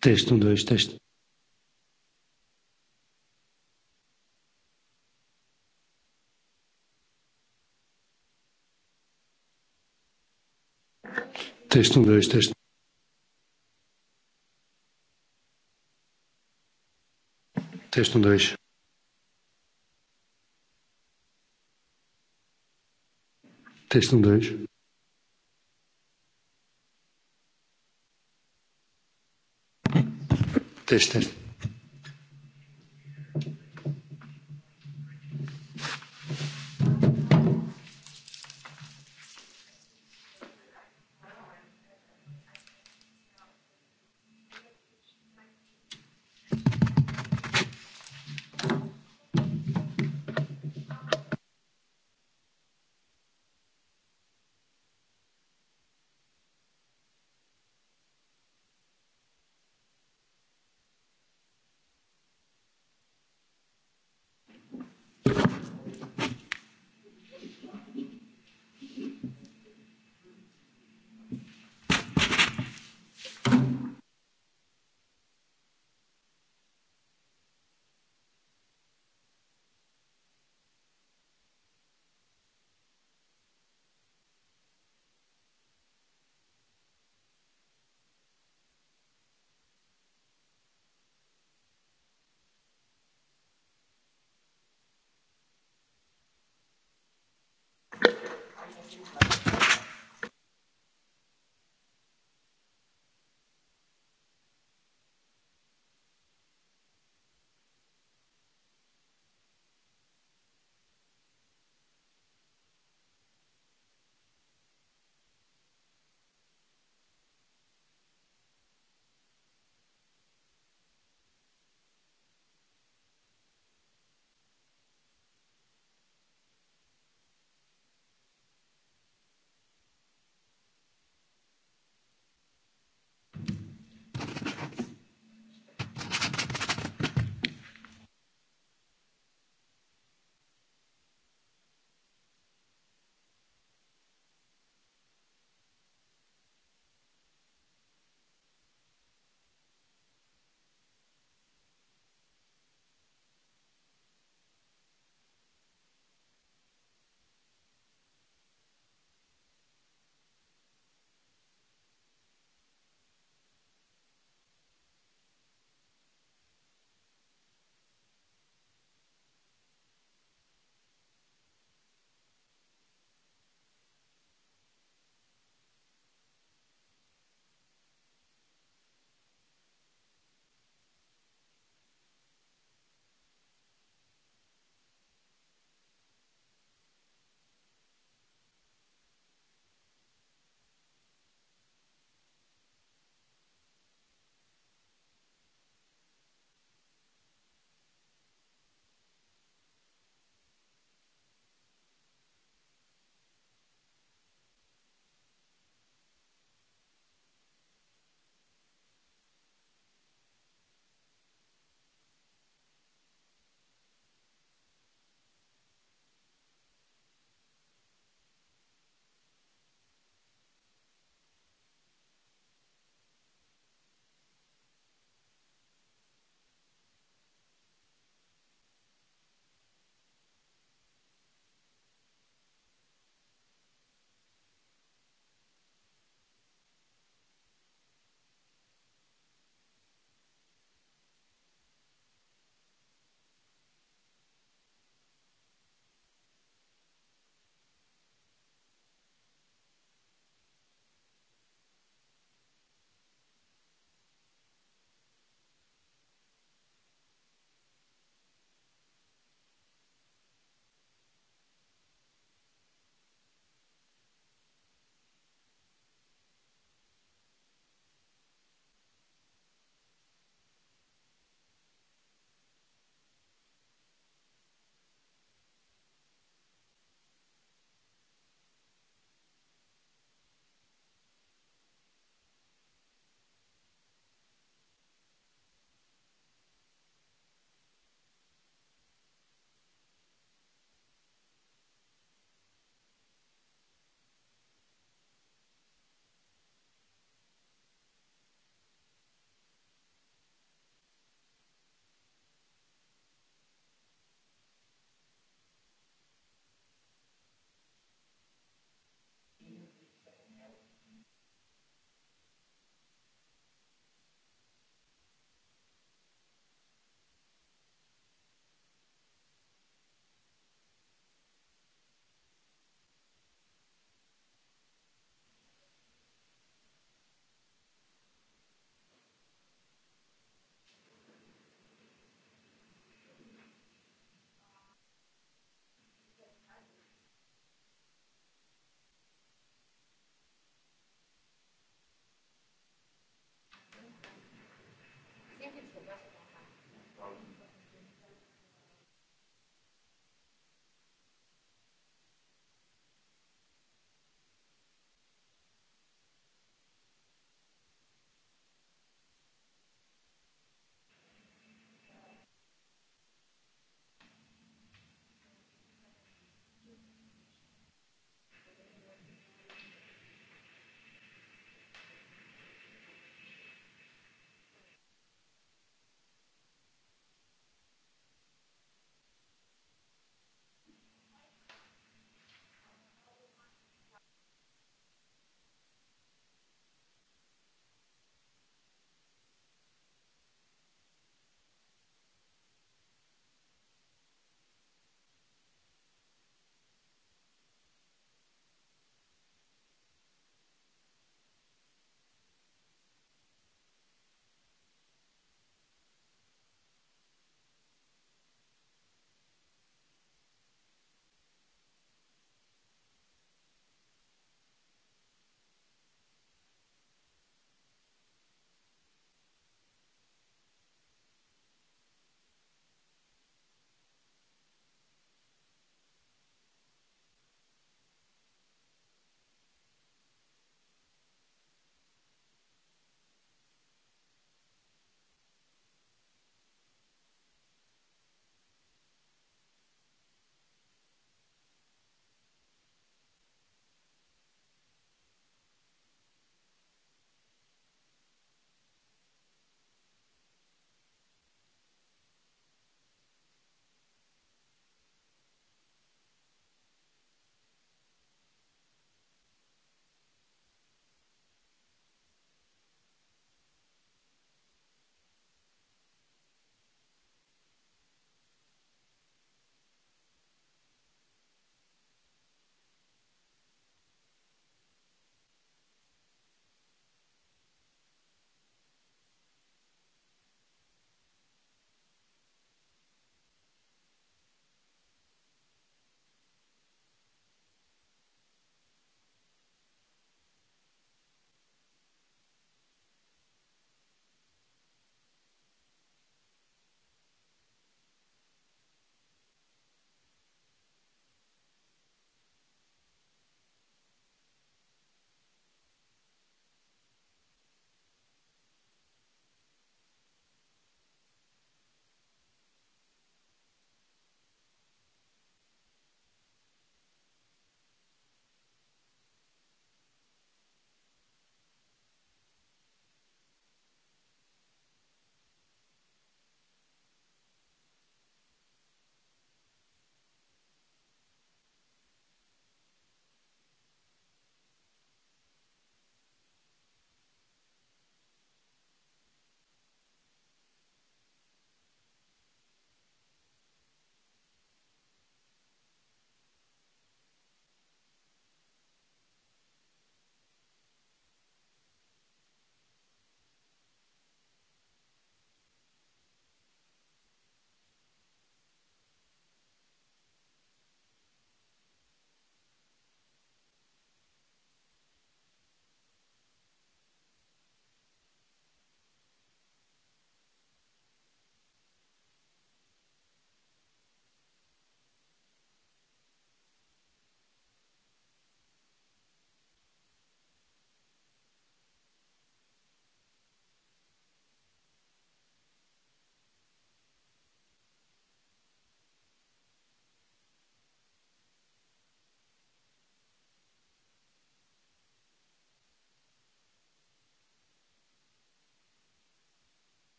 Textam dois, textam. Textam dois, textam. Textam dois. Textam dois. те ще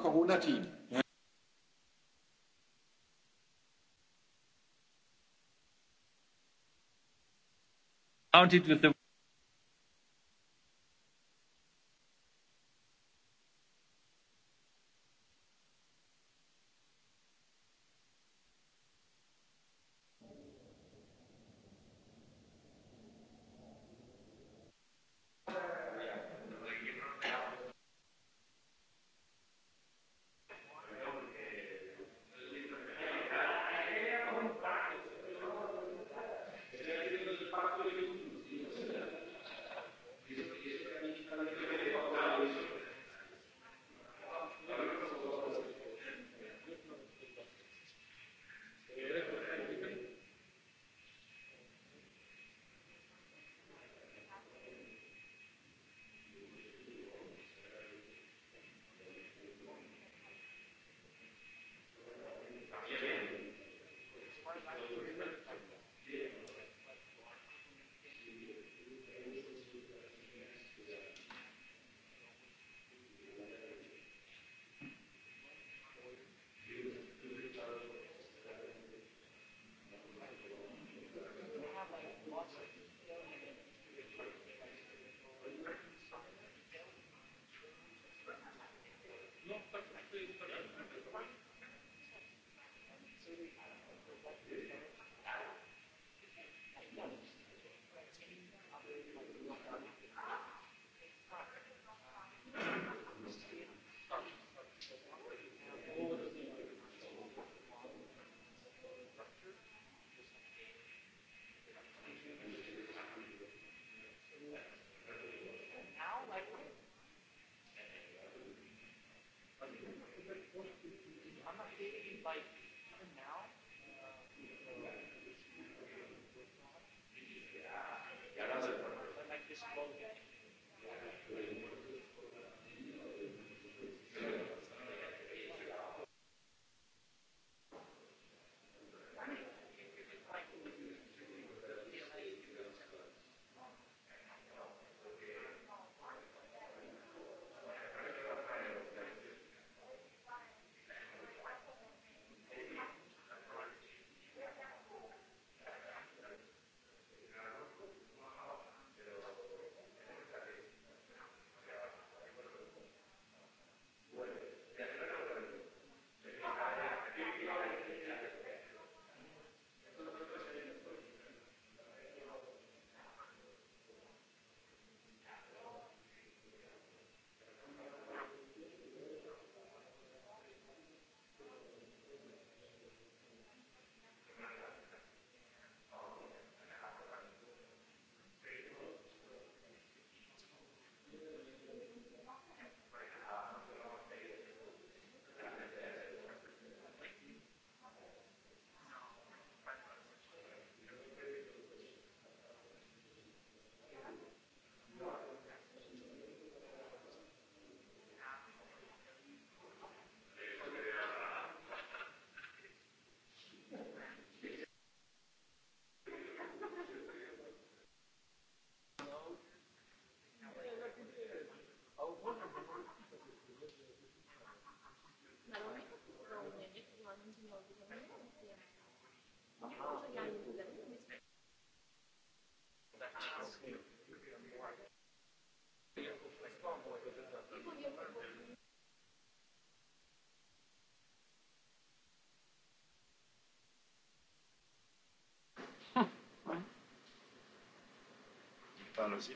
Corona-Team. Counted with the Panos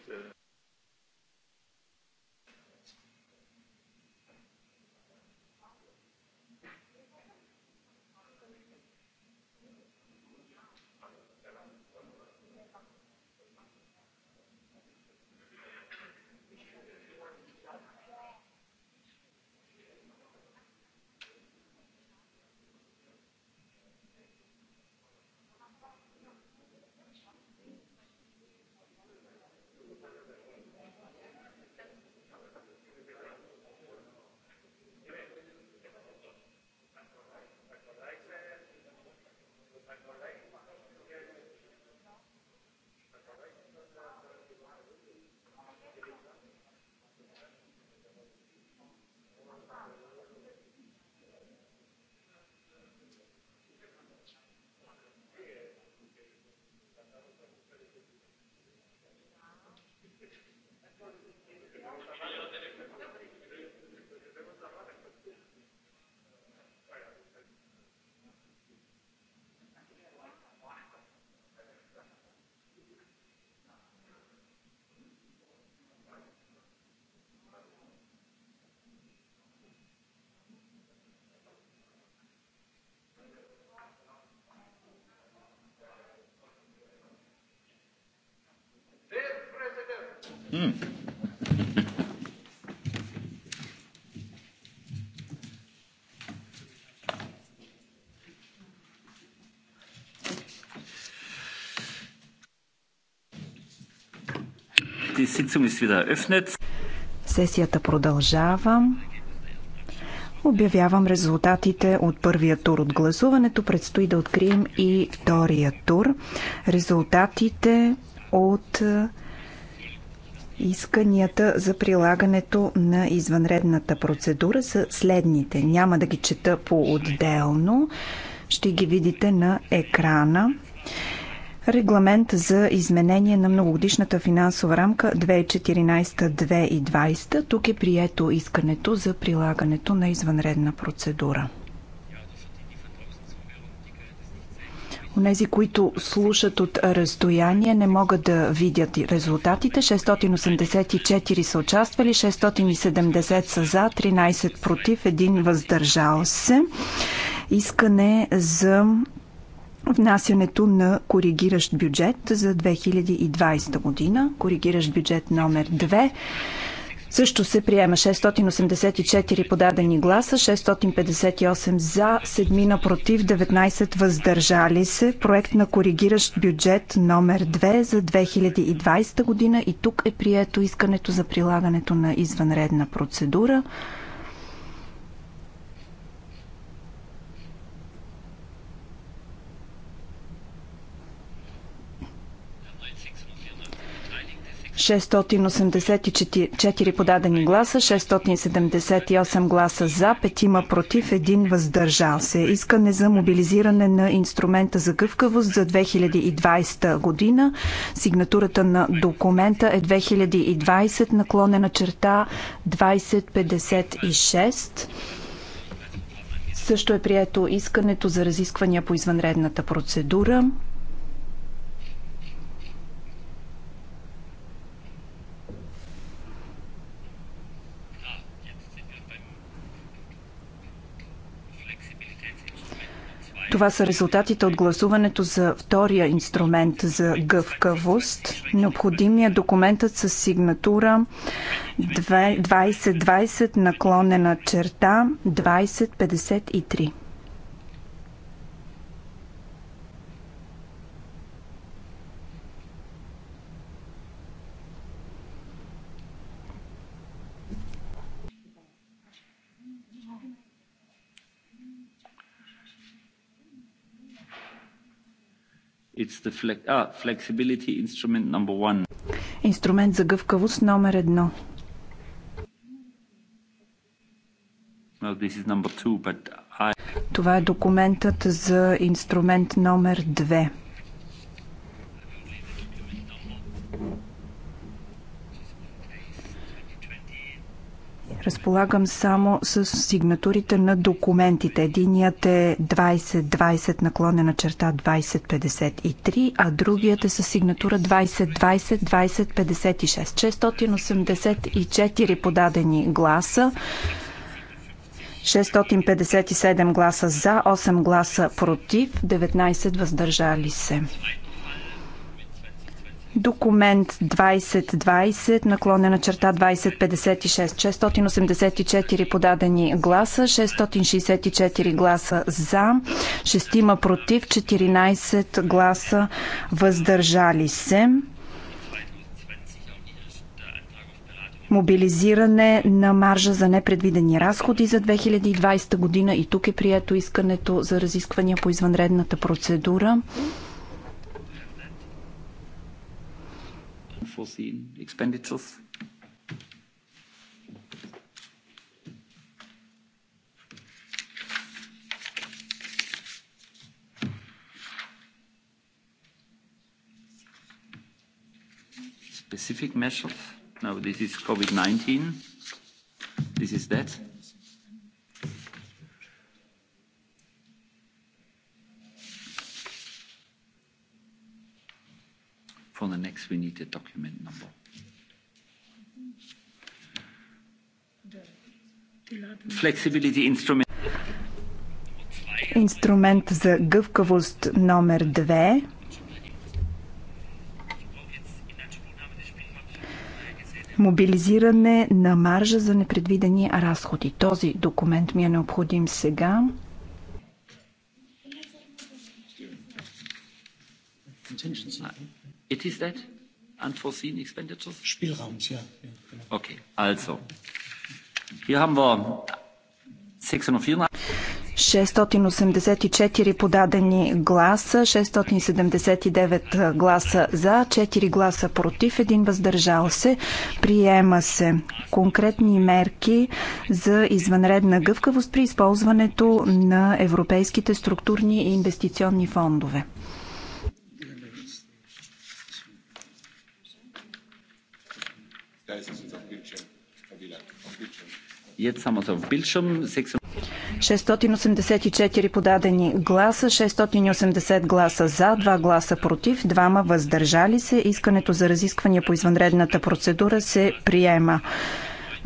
Сесията продължава. Обявявам резултатите от първия тур от гласуването. Предстои да открием и втория тур. Резултатите от Исканията за прилагането на извънредната процедура са следните. Няма да ги чета по-отделно. Ще ги видите на екрана. Регламент за изменение на многогодишната финансова рамка 2014-2020. Тук е прието искането за прилагането на извънредна процедура. Онези, които слушат от разстояние, не могат да видят резултатите. 684 са участвали, 670 са за, 13 против, 1 въздържал се. Искане за внасянето на коригиращ бюджет за 2020 година. Коригиращ бюджет номер 2 също се приема 684 подадени гласа, 658 за, седмина против, 19 въздържали се. Проект на коригиращ бюджет номер 2 за 2020 година и тук е прието искането за прилагането на извънредна процедура. 684 подадени гласа, 678 гласа за, 5 против, 1 въздържал се. Искане за мобилизиране на инструмента за гъвкавост за 2020 година. Сигнатурата на документа е 2020 наклонена черта 2056. Също е прието искането за разисквания по извънредната процедура. Това са резултатите от гласуването за втория инструмент за гъвкавост. Необходимият документът с сигнатура 2020 наклонена черта 2053. It's the flex, ah, flexibility instrument number one. Инструмент за гъвкавост номер едно. Well, this is number two, but I... Това е документът за инструмент номер две. Разполагам само с сигнатурите на документите. Единият е 2020 наклонена черта 2053, а другият е с сигнатура 2020-2056. 684 подадени гласа. 657 гласа за, 8 гласа против, 19 въздържали се. Документ 2020, наклонена черта 2056, 684 подадени гласа, 664 гласа за, 6 има против, 14 гласа въздържали се. мобилизиране на маржа за непредвидени разходи за 2020 година и тук е прието искането за разисквания по извънредната процедура. unforeseen expenditures. Specific measures? No, this is COVID-19. This is that. next we need the document number. Flexibility instrument. Инструмент за гъвкавост номер 2. Мобилизиране на маржа за непредвидени разходи. Този документ ми е необходим сега. is that? Unforeseen expenditures? Spielraum, ja. Okay, also. Hier haben wir 684. 684 подадени гласа, 679 гласа за, 4 гласа против, 1 въздържал се. Приема се конкретни мерки за извънредна гъвкавост при използването на европейските структурни и инвестиционни фондове. 684 подадени гласа, 680 гласа за, 2 гласа против, 2 въздържали се. Искането за разисквания по извънредната процедура се приема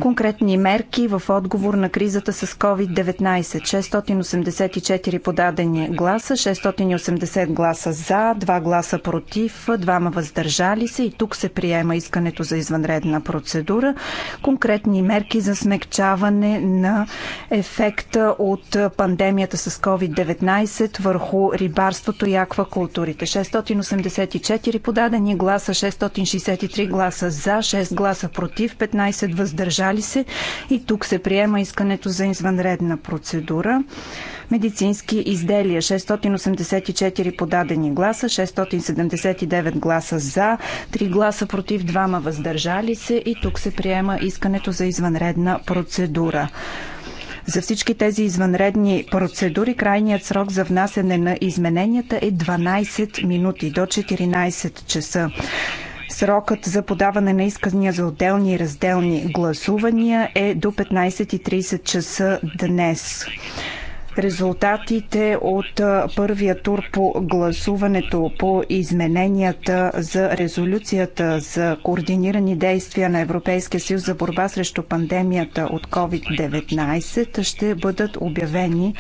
конкретни мерки в отговор на кризата с COVID-19. 684 подадени гласа, 680 гласа за, 2 гласа против, 2 въздържали се и тук се приема искането за извънредна процедура. Конкретни мерки за смекчаване на ефекта от пандемията с COVID-19 върху рибарството и аквакултурите. 684 подадени гласа, 663 гласа за, 6 гласа против, 15 въздържали разбрали се. И тук се приема искането за извънредна процедура. Медицински изделия 684 подадени гласа, 679 гласа за, 3 гласа против, 2 въздържали се. И тук се приема искането за извънредна процедура. За всички тези извънредни процедури крайният срок за внасяне на измененията е 12 минути до 14 часа. Срокът за подаване на искания за отделни и разделни гласувания е до 15.30 часа днес резултатите от първия тур по гласуването по измененията за резолюцията за координирани действия на Европейския съюз за борба срещу пандемията от COVID-19 ще бъдат обявени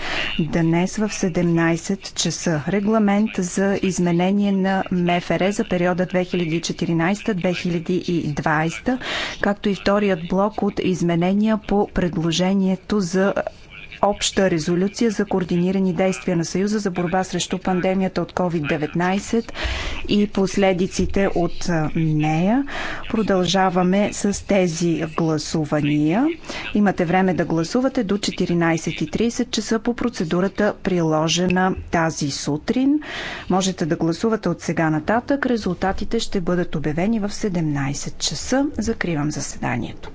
днес в 17 часа. Регламент за изменение на МФР за периода 2014-2020, както и вторият блок от изменения по предложението за обща резолюция за координирани действия на Съюза за борба срещу пандемията от COVID-19 и последиците от нея. Продължаваме с тези гласувания. Имате време да гласувате до 14.30 часа по процедурата приложена тази сутрин. Можете да гласувате от сега нататък. Резултатите ще бъдат обявени в 17 часа. Закривам заседанието.